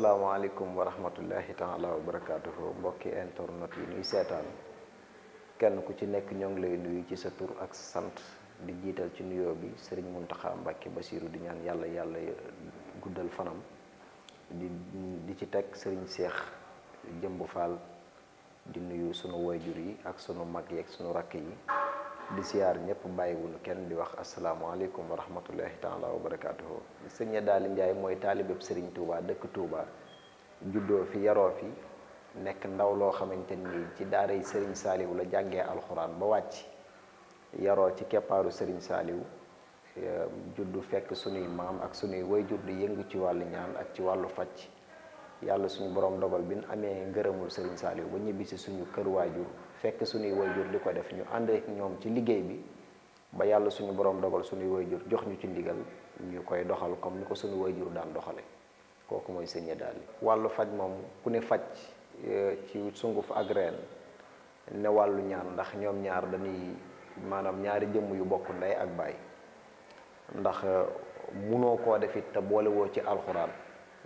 asalaamaaleykum wa rahmatullahi taala wa barakaatuhu mbokki internet yi nuy seetaan kenn ku ci nekk ñoo ngi lay nuyu ci sa tur ak sant di jiital ci nuyoo bi sëriñ Muntaxa Mbàkke Basiiru di ñaan yàlla yàlla guddal fanam di ci teg sëriñ Seex Jëmb Faal di nuyu sunu woy wayjur yi ak sunu mag yi ak sunu rakk yi di siyaar ñëpp bàyyiwul kenn di wax asalaamaaleykum wa rahmatullahi taala wa barakaatuhu sëñ Daali Njaay mooy taalibeb sëriñ Touba dëkk Touba juddoo fi yaroo fi nekk ndaw loo xamante ni ci daaray sëriñ Saaliw la jàngee alxuraan ba wàcc yaroo ci keppaaru sëriñ Saaliw juddu fekk sunuy maam ak sunuy waajur di yëngu ci wàllu ñaan ak ci wàllu fàcc yàlla suñu borom dogal bi nu amee ngërëmul sëriñ Saaliw ba ñibbi si suñu kër waajur fekk suñuy wayjur di ko def ñu ànd ak ñoom ci liggéey bi ba yàlla suñu borom dogal suñuy wayjur jox ñu ci ndigal ñu koy doxal comme ni ko suñu wayjur daan doxale kooku mooy sëñe daal wàllu faj moom ku ne faj eh, ci sunguf ak reen ne wàllu ñaan ndax ñoom ñaar dañuy maanaam ñaari jëmm yu bokk nday ak baay ndax eh, munoo koo def it te boolewoo ci alxuraan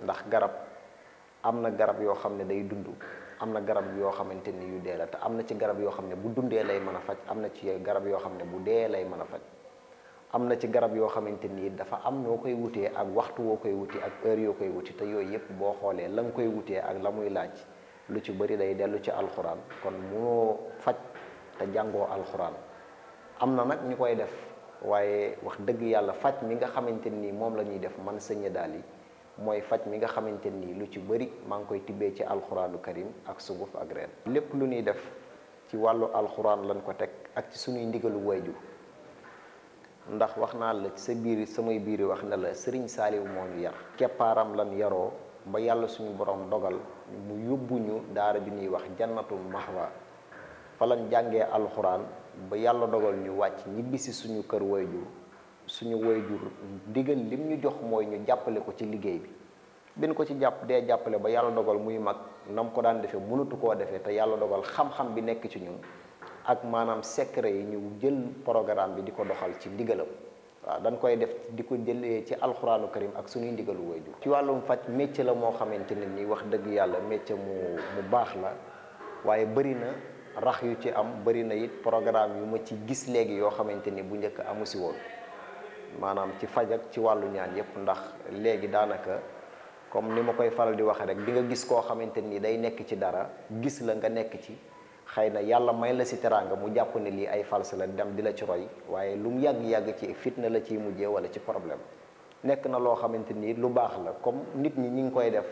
ndax garab am na garab yoo xam ne day dund am na garab yoo xamante ni yu dee la te am na ci garab yoo xam ne bu dundee lay mën a faj am na ci garab yoo xam ne bu dee lay mën a faj am na ci garab yoo xamante ni dafa am noo koy wutee ak waxtu woo koy wuti ak heure yoo koy wuti te yooyu yëpp boo xoolee la nga koy wutee ak la muy laaj lu ci bëri day dellu ci alxuraan kon munoo faj te jàngoo alxuraan am na nag ñu koy def waaye wax dëgg yàlla faj mi nga xamante nii moom la ñuy def man sëñe daal yi moy fajj mi nga xamanteni ni lu ci bëri mang koy ci alxuraanu karim ak suguf ak reen lepp lu ni def ci walu alxuraan lañ ko tek ak ci suñuy ndigalu wayju ndax waxna la ci sa biir samay biir wax na la serigne saaliw moo ñu yar lan yaro ba yalla suñu borom dogal mu yóbbu ñu daara bi ni wax jannatul mahwa fa lan jàngee alxuraan ba yalla dogal ñu wacc ñibisi suñu kër wayju suñu woyjur ndigal lim ñu jox mooy ñu jàppale ko ci liggéey bi bin ko ci jàpp dee jàppale ba yàlla dogal muy mag nam ko daan defee munatu koo defee te yàlla dogal xam-xam bi nekk ci ñun ak maanaam secret yi ñu jël programme bi di ko doxal ci ndigalam waaw dañ koy def di ko jëlee ci alxuraanu karim ak suñuy ndigalu woyjur ci wàllum faj métier la moo xamante ne ni wax dëgg yàlla métier mu mu baax la waaye bëri na rax yu ci am bëri na it programme yu ma ci gis léegi yoo xamante ni bu njëkk amu si woon maanaam ci fajag ci wàllu ñaan yépp ndax léegi daanaka comme ni ma koy faral di waxee rek di nga gis koo xamante ni day nekk ci dara gis la nga nekk ci xëy na yàlla may la si teraanga mu jàpp ne lii ay fals la dem di la ci roy waaye lu yàgg-yàgg ci fitna la ciy mujjee wala ci problème nekk na loo xamante ni lu baax la comme nit ñi ñi ngi koy def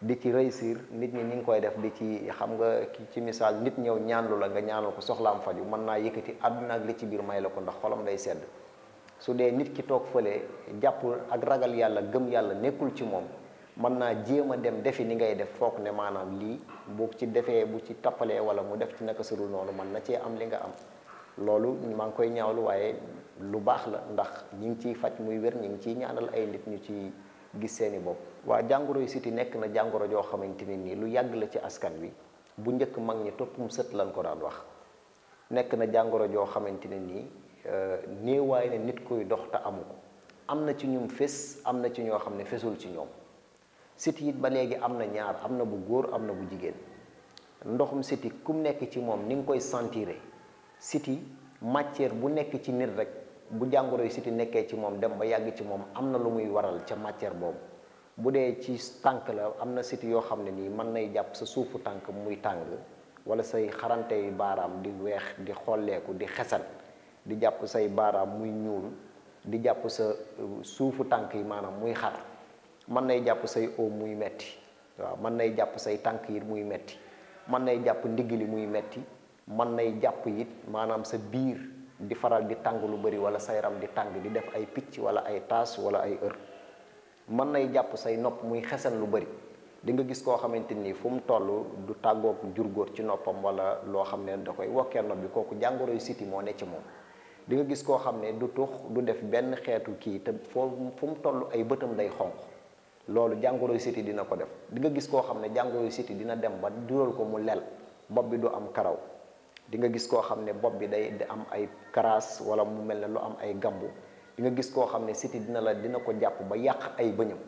di ci réussir nit ñi ñi ngi koy def di ci xam nga ci misaal nit ñëw ñaan lu la nga ñaan ko soxlaam faju mën naa yëkkati àdduna li ci biir may la ko ndax xolam day sedd su dee nit ki toog fële jàpp ak ragal yàlla gëm yàlla nekkul ci moom mën naa jéem a dem defi ni ngay def foog ne maanaam lii bu ci defee bu ci tappalee wala mu def ci naka sudul noonu mën na cee am li nga am loolu maa ngi koy ñaawlu waaye lu baax la ndax ñi ngi ciy faj muy wér ñi ngi ciy ñaanal ay nit ñu ci gis seeni bopp waa jàngoro yu siti nekk na jàngoro joo xamante ne nii lu yàgg la ci askan wi bu njëkk mag ñi toppum sët lan ko daan wax nekk na jàngoro joo xamante nii néewaay ne nit kuy dox te amu am na ci ñum fés am na ci ñoo xam ne fésul ci ñoom sit it ba léegi am na ñaar am na bu góor am na bu jigéen ndoxum siti kum nekk ci moom ni nga koy sentiré siti matière bu nekk ci nit rek bu jàngoroy siti nekkee ci moom dem ba yàgg ci moom am na lu muy waral ca matière boobu bu dee ci tànk la am na siti yoo xam ne nii mën nay jàpp sa suufu tànk muy tàng wala say xarante yi baaraam di weex di xolleeku di xesan di jàpp say baaraam muy ñuul di jàpp sa euh, suufu tànk yi maanaam muy xar man nay jàpp say oom muy metti waaw mën nay jàpp say tànk yi muy metti mën nay jàpp ndigg li muy metti man nay jàpp it maanaam sa biir di faral di tàng lu bëri wala sa yaram di tàng di def ay picc wala ay taas wala ay ër mën nay jàpp say nopp muy xesan lu bëri di nga gis koo xamante ni fu mu toll du tàggoog jurgóor ci noppam wala loo xam ne da koy wokkee nopp bi kooku jàngoro yu siti moo ne ci moom di nga gis koo xam ne du tux du def benn xeetu kii te foo fu mu toll ay bëtam day xonq loolu jàngoroy siti dina ko def di nga gis koo xam ne jàngoroy siti dina dem ba dural ko mu lel bopp bi du am karaw di nga gis koo xam ne bopp bi day di am ay karaas wala mu mel ne lu am ay gambu di nga gis koo xam ne siti dina la dina ko jàpp ba yàq ay bëñam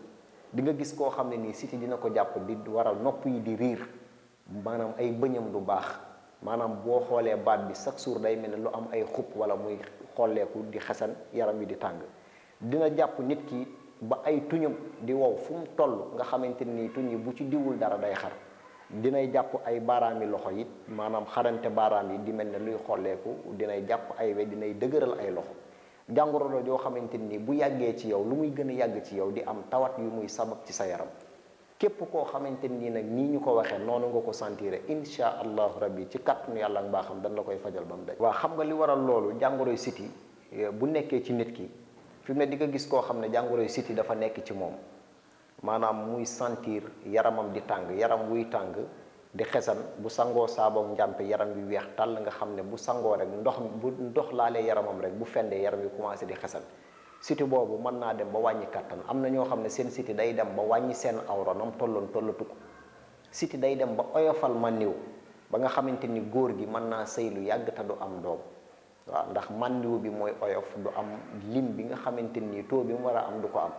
di nga gis koo xam ne nii siti dina ko jàpp di waral nopp yi di riir maanaam ay bëñam du baax maanaam boo xoolee baat bi chaque jour day mel ne lu am ay xub wala muy xolleeku di xasan yaram wi di tàng dina jàpp nit ki ba ay tuñam di wow fu mu toll nga xamante nii tuñ yi bu ci diwul dara day xar dinay jàpp ay baaraami loxo yit maanaam xarante baaraam yi di mel ne luy xolleeku dinay jàpp ay we dinay dëgëral ay loxo jàngoro la joo xamante nii bu yàggee ci yow lu muy gën a yàgg ci yow di am tawat yu muy sabab ci sa yaram képp koo xamante nii nag nii ñu ko waxee noonu nga ko sentiré incha allahu rabbi ci kàttanu yàlla ak mbaaxam la koy fajal ba mu daj xam nga li waral loolu jàngoroy siti eh, bu nekkee ci nit ki fi mu ne di nga gis koo xam ne jàngoroy siti dafa nekk ci moom maanaam muy sentir yaramam di tàng yaram wuy tàng di xesan bu sangoo saaboog njàmpe yaram wi weex tàll nga xam ne bu sangoo rek ndox bu ndox laalee yaramam rek bu fendee yaram wi commencé di xesan siti boobu mën naa dem ba wàññi kàttan am na ñoo xam ne seen siti day dem ba wàññi seen awra nam tolloon tollatu ko siti day dem ba oyofal màndiw ba nga xamante ni góor gi mën naa sëy lu yàgg te du am doom waaw ndax màndiw bi mooy oyof du am lim bi nga xamante ni taux bi mu war a am du ko am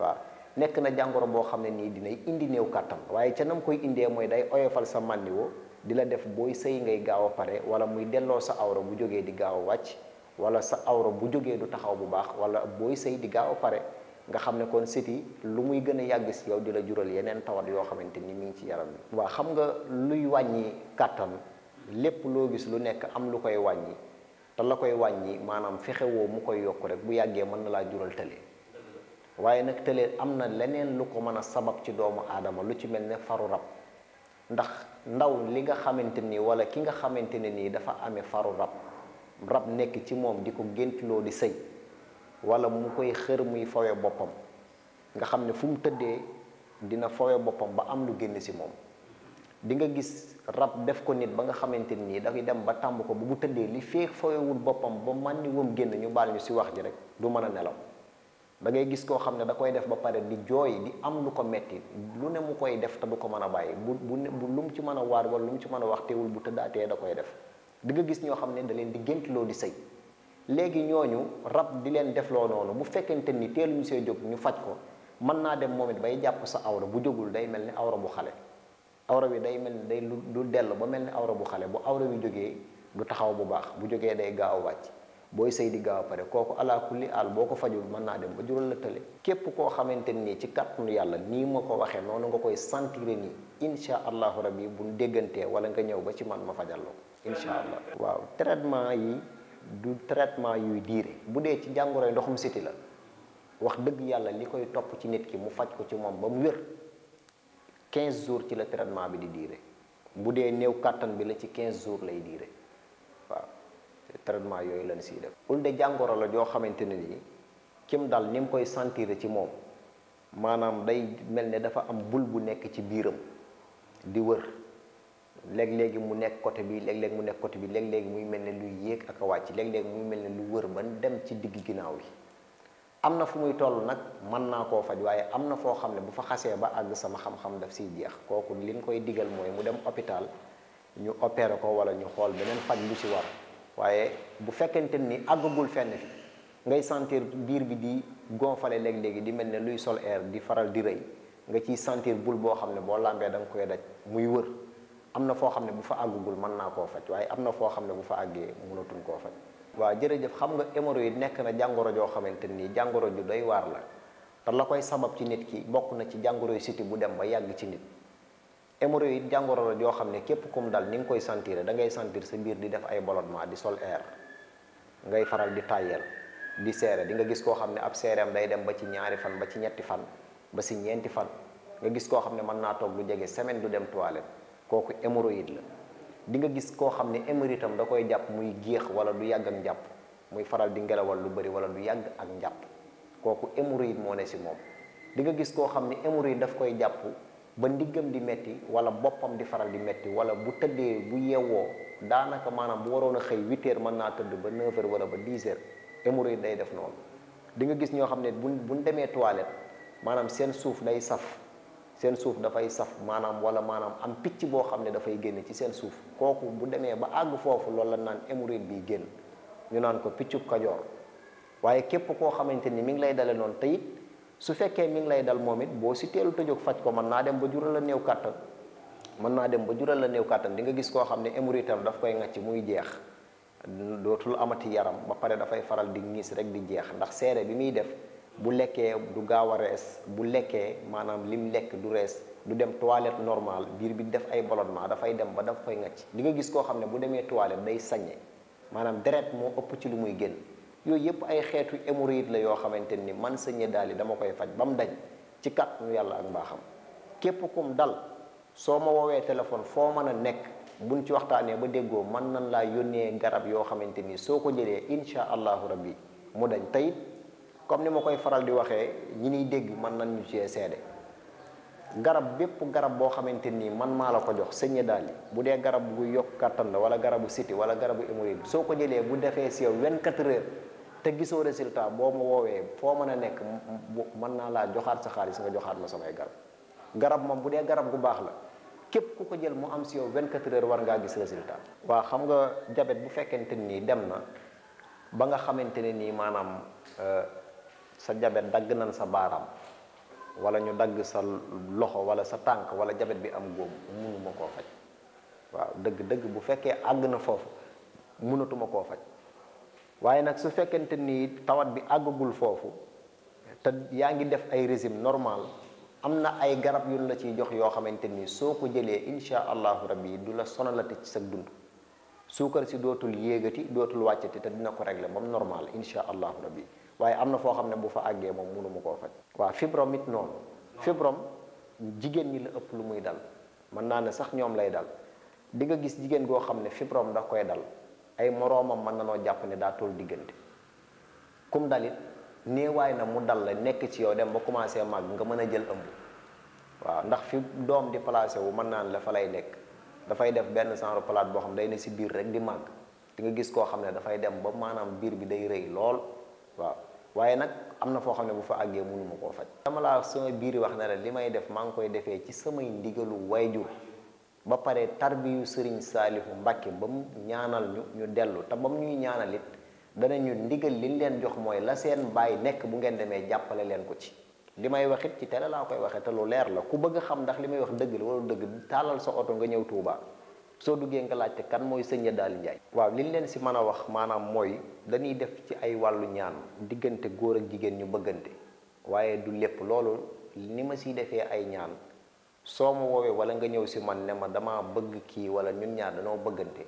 waaw nekk na jàngoro boo xam ne nii dinay indi néew kàttan waaye ca na mu koy indee mooy day oyofal sa màndiwo di la def booy sëy ngay gaaw a pare wala muy delloo sa awra bu jógee di gaaw a wàcc wala sa awro bu jógee du taxaw bu baax wala booy sëy di gaaw a pare nga xam ne kon siti lu muy gën a yàgg si yow di la jural yeneen tawat yoo xamante ni mu ngi ci yaram bi waa xam nga luy wàññi kàttan lépp loo gis lu nekk am lu koy wàññi te la koy wàññi maanaam fexe mu koy yokku rek bu yàggee mën na laa jural tële waaye nag tële am na leneen lu ko mën a sabab ci doomu aadama lu ci mel ne faru rab ndax ndaw li nga xamante ni wala ki nga xamante ne nii dafa amee faru rab nekk ci moom di ko géntiloo di sëy wala mu koy xër muy fawe boppam nga xam ne fu mu tëddee dina fawe boppam ba am lu génn si moom di nga gis rab def ko nit ba nga xamante nii dafay dem ba tàmb ko ba bu tëddee li fee fawewul boppam ba man ni wam génn ñu baal ñu si wax ji rek du mën a nelaw da ngay gis koo xam ne da koy def ba pare di jooy di am lu ko metti lu ne mu koy def te du ko mën a bàyyi bu bu lu mu ci mën a waar wala lu mu ci mën a wax teewul bu tëddaatee da koy def di nga gis ñoo xam ne da leen di géntloo di sëy léegi ñooñu rab di leen defloo noonu bu fekkente ni teeluñu see jóg ñu faj ko mën naa dem moom it bay jàpp sa awra bu jógul day mel ni awra bu xale awra bi day mel ni day lu dellu ba mel ni awra bu xale bu awra bi jógee du taxaw bu baax bu jógee day gaaw wàcc booy sëy di gaaw a pare kooku ala kulli aal boo ko fajul mën naa dem ba jural la tële képp koo xamante nii ci kàttanu yàlla nii ma ko waxee noonu nga koy sentir nii incha allahu rabi bu déggantee wala nga ñëw ba ci man ma fajal incha allah waaw traitement yi du traitement yuy diire bu dee ci jàngoro yi ndoxum siti la wax dëgg yàlla li koy topp ci nit ki mu faj ko ci moom ba mu wér quinze jours ci la traitement bi di diire bu dee néew kàttan bi la ci 15 jours lay diire waaw traitement yooyu lañ siy def. ul de jàngoro la joo xamante ne nii kim dal ni mu koy sentire ci moom maanaam day mel ne dafa am bul bu nekk ci biiram di wër. léeg-léegi mu nekk côté bi léeg-léeg mu nekk côté bi léeg-léegi muy mel ne luy yéeg ak a wàcc léeg-léegi muy mel ne lu wër ba dem ci digg ginnaaw bi am na fu muy toll nag mën naa koo faj waaye am na foo xam ne bu fa xasee ba àgg sama xam daf siy jeex kooku li koy digal mooy mu dem hôpital ñu opéré ko wala ñu xool beneen faj lu si war waaye bu fekkente ni àggagul fenn ngay sentir biir bi di gonfale léeg-léegi di mel ne luy sol air di faral di rey nga ciy sentir bul boo xam ne boo làmbee da nga koy daj muy wër am na foo xam ne bu fa àggugul mën naa koo faj waaye am na foo xam ne bu fa àggee mënatuñ koo faj waa jërëjëf xam nga yi nekk na jàngoro joo xamante nii jàngoro ju doy waar la te la koy sabab ci nit ki bokk na ci jàngoro yu siti bu dem ba yàgg ci nit hémorroïde jàngoro la joo xam ne képp kum dal ni nga koy sentir dangay ngay sentir sa biir di def ay ballonnement di sol air ngay faral di tàyyeel di seere di nga gis koo xam ne ab seereem day dem ba ci ñaari fan ba ci ñetti fan ba si ñeenti fan nga gis koo xam ne mën naa toog lu jege semaine du dem toilette kooku hémorroïde la di nga gis koo xam ne hémorroïde itam da koy jàpp muy géex wala du yàgg ak njàpp muy faral di ngelawal lu bëri wala du yàgg ak njàpp kooku hémorroïde moo ne si moom di nga gis koo xam ne hémorroïde daf koy jàpp ba ndiggam di metti wala boppam di faral di metti wala bu tëddee bu yeewoo daanaka maanaam bu waroon a xëy 8 heures mën naa tëdd ba 9 heures wala ba 10 heures hémorroïde day def noonu di nga gis ñoo xam ne buñ buñ demee toilette maanaam seen suuf seen suuf dafay saf maanaam wala maanaam am picc boo xam ne dafay génn ci seen suuf kooku bu demee ba àgg foofu loolu la naan hémorroïde bi génn ñu naan ko piccub kajoor waaye képp koo xamante ni mi ngi lay dale noonu te su fekkee mi ngi lay dal moom it boo si teelu tëjóg faj ko mën naa dem ba jural la néew kàttan mën naa dem ba jural la néew kàttan di nga gis koo xam ne hémorroïde tam daf koy ŋàcc muy jeex dootul amati yaram ba pare dafay faral di ngiis rek di jeex ndax seere bi muy def bu lekkee du gaaw a rees bu lekkee maanaam lim lekk du rees du dem toilette normal biir bi def ay ballonnement dafay dem ba daf nga ngacc li nga gis koo xam ne bu demee toilette day saññe maanaam deret moo ëpp ci lu muy génn yooyu yëpp ay xeetu hémorroïde la yoo xamante ni man saññe daal yi dama koy faj ba mu dañ ci kàttanu yàlla ak mbaaxam képp kum dal soo ma woowee téléphone foo mën a nekk buñ ci waxtaanee ba déggoo man nan laa yónnee garab yoo xamante ni soo ko jëlee incha allahu rabbi mu comme ni ma koy faral di waxe ñi ni dégg man nan ci seede garab bép garab bo xamanteni man maa la ko jox sëñe dal bu dé garab gu yok kàttan la wala garabu siti wala garabu hémorroïde so ko bu défé ci yow 24 heures te giso résultat bo mo wowe fo mëna nek man na la joxat sa xaaliss nga joxat ma garab garab mom bu dé garab gu bax la képp ku ko jël mu am ci yow 24 heures war nga gis résultat wa xam nga jabet bu fekkente dem na ba nga xamanteni manam euh, sa jabet dagg nan sa baaraam wala ñu dagg sa loxo wala sa tànk wala jabet bi am góom mënuma koo faj waaw dëgg-dëgg bu fekkee àgg na foofu mënatuma koo faj waaye nag su fekkente ni tawat bi àggagul foofu te yaa ngi def ay régime normal am na ay garab yu la ciy jox yoo xamante ni soo ko jëlee insha allahu rabbi du la sonalati ci sa dund suukar si dootul yéegati dootul wàccati te dina ko régler ba mu normal insha allahu rabbi waye amna fo xamne bu fa agge mom munu mu koo faj waa fibrom fibrom jigen ni la ëpp lu muy dal man na ne sax ñom lay dal di nga gis jigen go xamne fibrom da koy dal ay moromam man na no japp ne da tol kum dalit way na mu dal la nek ci yow dem ba commencé mag nga mën jël ëmb wa ndax fi dom di placé wu man naa la fa lay da dafay def ben genre palaat bo xam day ne ci bir rek di mag di nga gis ko xamne da dafay dem ba manam bir bi day reuy lol. waaw waaye nag am na foo xam ne bu fa àggee mënuma koo faj dama laa sama biir wax ne la li may def maa ngi koy defee ci samay ndigalu wayjur ba pare tarbiyu sëriñ saalihu mbàkke ba mu ñaanal ñu ñu dellu te ba mu ñuy ñaanal it danañu ndigal liñ leen jox mooy la seen baay nekk bu ngeen demee jàppale leen ko ci li may wax it ci télé laa koy waxee te lu leer la ku bëgg xam ndax li may wax dëgg la wala dëgg tàllal sa oto nga ñëw Tuubaa soo duggee nga laajte kan mooy sëñ Yadaali Njaay waaw li ñu leen si mën a wax maanaam mooy dañuy def ci ay wàllu ñaan diggante góor ak jigéen ñu bëggante waaye du lépp loolu ni ma siy defee ay ñaan soo ma woowee wala nga ñëw si man ne ma dama bëgg kii wala ñun ñaan dañoo bëggante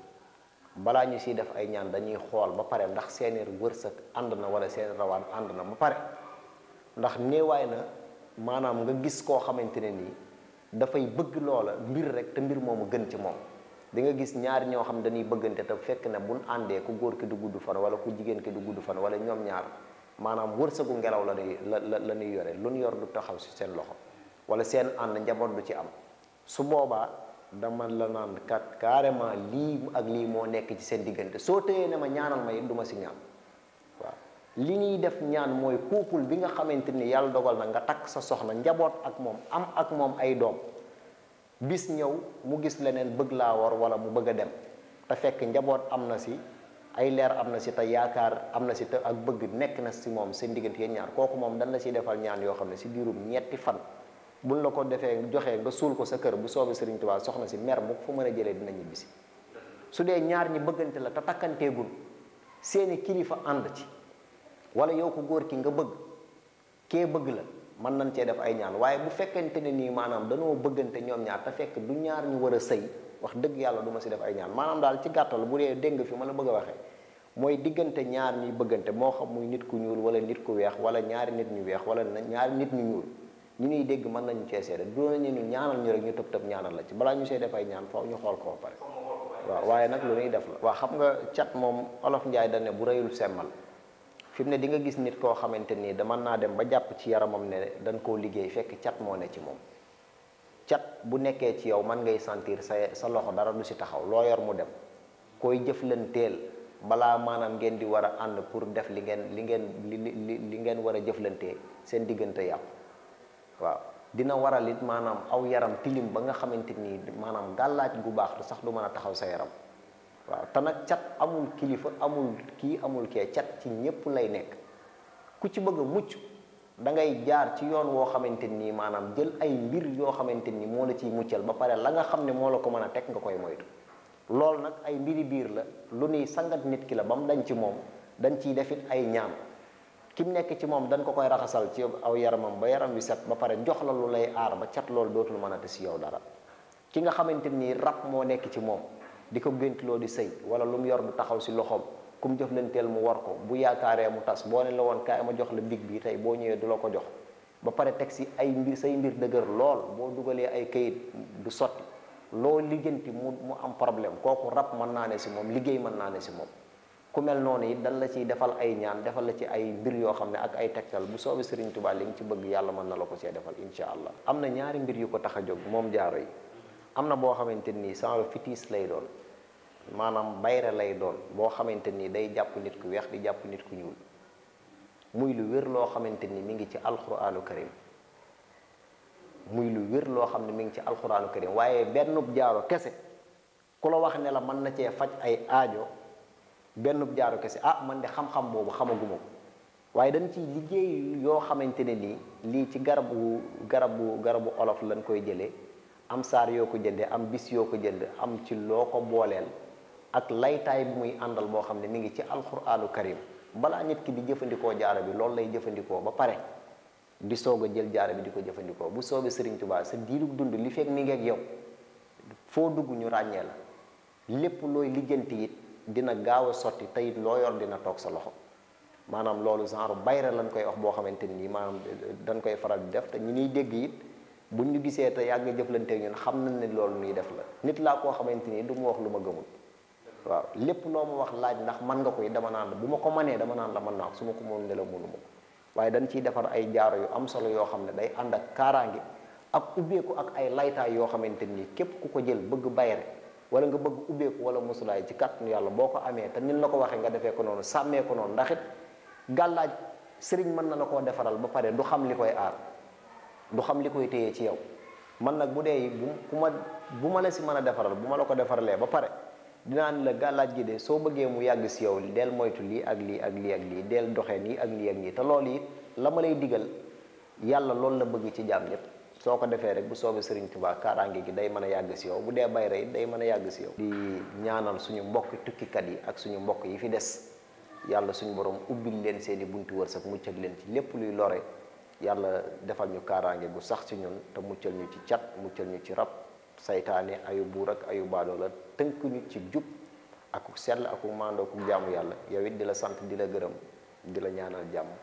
balaa ñu siy def ay ñaan dañuy xool ba pare ndax seeni wërsëg ànd na wala seen rawaan ànd na ba pare ndax néewaay na maanaam nga gis koo xamante ne nii dafay bëgg loola mbir rek te mbir moomu gën ci moom di nga gis ñaar ño xam dañuy bëggante te fekk na buñ andé ku goor ki du gudd fan wala ku jigen ki du gudd fan wala ñom ñaar maanaam wërsëgu ngelaw la ni la ni la nuy yore luñ yor du taxaw ci seen loxo wala seen and njabot du ci am su boba dama la naan kat carrément li ak li mo nekk ci seen digënté so teyé ne ma ñaanal ma duma du ñaan wa li ni def ñaan moy couple bi nga xamanteni yalla dogal na nga tak sa soxna njabot ak mom am ak mom ay doom bis ñëw mu gis leneen bëgg laa war wala mu bëgg a dem te fekk njaboot am na si ay leer am na si te yaakaar am na si te ak bëgg nekk na si moom seen diggante yéen ñaar kooku moom dan la siy defal ñaan yoo xam ne si diirum ñetti fan buñ la ko defee joxe nga suul ko sa kër bu soobee Serigne Touba soxna si mer mu fu mën a jëlee dina ñibbisi su dee ñaar ñi bëggante la te takkanteegul seeni kilifa ànd ci wala yow ko góor ki nga bëgg kee bëgg la mën nañ cee def ay ñaan waaye bu fekkente ne nii maanaam danoo bëggante ñoom ñaar te fekk du ñaar ñu war a sëy wax dëgg yàlla duma si def ay ñaan maanaam daal ci gàttal bu dee dégg fi ma la bëgg a mooy diggante ñaar ñuy bëggante moo xam muy nit ku ñuul wala nit ku weex wala ñaari nit ñu weex wala ñaari nit ñu ñuul ñu ñuy dégg mën nañu cee seede du ni ñu ñaanal ñu rek ñu tëb tëb ñaanal la ci balaa ñu see def ay ñaan faaw ñu xool ko ba pare waaye nag lu ñuy def la waaw xam nga cat moom olof njaay dane bu rëyul semmal fimne di nga gis nit ko xamanteni dama na dem ba japp ci yaramam ne dañ ko liggey fekk chat mo ne ci mom chat bu nekké ci yow man ngay sentir sa sa loxo dara lu ci taxaw lo yor mu dem koy jëflentel balaa manam ngeen di wara and pour def li ngeen li ngeen li ngeen wara jëflenté sen digënté waaw dina waral lit manam aw yaram tilim ba nga xamanteni manam maanaam gu baax sax du mëna taxaw sa yaram waaw te nag cat amul kilifa amul kii amul kee cat ci ñépp lay nekk ku ci bëgg a mucc da jaar ci yoon woo xamante nii maanaam jël ay mbir yoo xamante ni moo la ciy muccal ba pare la nga xam ne moo la ko mën a teg nga koy moytu loolu nag ay mbiri biir la lu nuy sangat nit ki la mu dañ ci moom dañ ciy defit ay ñaan ki mu nekk ci moom dañ ko koy raxasal ci aw yaramam ba yaram wi set ba pare jox la lu lay aar ba cat loolu dootul mën a te si yow dara ki nga xamante nii rab moo nekk ci moom di ko géntloo di sëy wala lu mu yor bu taxaw si loxoom ku mu jëflanteel mu war ko bu yaakaaree mu tas boo ne la woon kaay ma jox la big bi tey boo ñëwee du la ko jox ba pare teg si ay mbir say mbir dëgër lool boo dugalee ay kayit du sotti loo lijjanti mu mu am problème kooku rab mën naa ne si moom liggéey mën naa ne si moom ku mel noonu it dan la ciy defal ay ñaan defal la ci ay mbir yoo xam ne ak ay tegtal bu soobee Serigne Touba li nga ci bëgg yàlla mën na la ko see defal incha allah am na ñaari mbir yu ko tax a jóg moom jaaro yi am na boo xamante nii genre fitis lay doon maanaam bayra lay doon boo xamante nii day jàpp nit ku weex di jàpp nit ku ñuul muy lu wér loo xamante ni mi ngi ci alxuraanu karim muy lu wér loo xam ne mi ngi ci alxuraanu karim waaye bennub jaaro kese ku la wax ne la mën na cee faj ay aajo bennub jaaro kese ah man de xam-xam boobu xamaguma ko waaye dañ ci liggéey yoo xamante ne nii lii ci garabu garabu garabu olof lañ koy jëlee am saar yoo ko jënde am bis yoo ko jënd am ci loo ko booleel ak laytaay bu muy àndal boo xam ne mi ngi ci alquranu karim balaa nit ki di jëfandikoo jaara bi loolu lay jëfandikoo ba pare di soog a jël jaara bi di ko jëfandikoo bu soobee Serigne Touba sa diiru dund li fekk ni ngi yow foo dugg ñu ràññee la lépp looy lijjanti it dina gaaw a sotti te it loo yor dina toog sa loxo maanaam loolu genre bayra lañ koy wax boo xamante ni maanaam eh, dañ koy buñ ñu gisee te yàgg jëflante ñun xam nañ ne loolu nuy def la nit laa koo xamante ni du ma wax lu ma gëmul waaw lépp loo ma wax laaj ndax man nga koy dama naan la bu ma ko manee dama naan la man naa su ma ko mënul ne la mënu ma ko waaye dañ ciy defar ay jaaro yu am solo yoo xam ne day ànd ak kaaraange ak ubbeeku ak ay laytaay yoo xamante ni képp ku ko jël bëgg bayre wala nga bëgg ubbeeku wala musulaay ci kàttanu yàlla boo ko amee te ñun la ko waxee nga defee ko noonu sàmmee ko noonu ndax it gàllaaj sëriñ mën na la koo defaral ba pare du xam li koy aar du xam li koy téye ci yow man nag bu dee bu ku ma bu ma la si mën a defaral bu ma la ko defaralee ba pare dinaa ni la gàllaaj gi de soo bëggee mu yàgg si yow del moytu lii ak lii ak lii ak del doxee nii ak lii ak lii te loolu yit la ma lay digal yàlla loolu la bëgg ci jaam ñëpp soo ko defee rek bu soobee Serigne Touba kaaraange gi day mën a yàgg si yow bu dee bayre it day mën a yàgg si yow. di ñaanal suñu mbokki tukkikat yi ak suñu mbokk yi fi des yàlla suñu borom ubbil leen seen i buntu wërsëg mucc leen ci lépp luy lore. yàlla defal ñu kaaraange gu sax ci ñun te muccal ñu ci cat muccal ñu ci rab seytaane ayu buur ak ayu baadoo la tënk ñu ci jub ak sell ak maandoo ku jaamu yàlla yow it di la sant di la gërëm di la ñaanal jàmm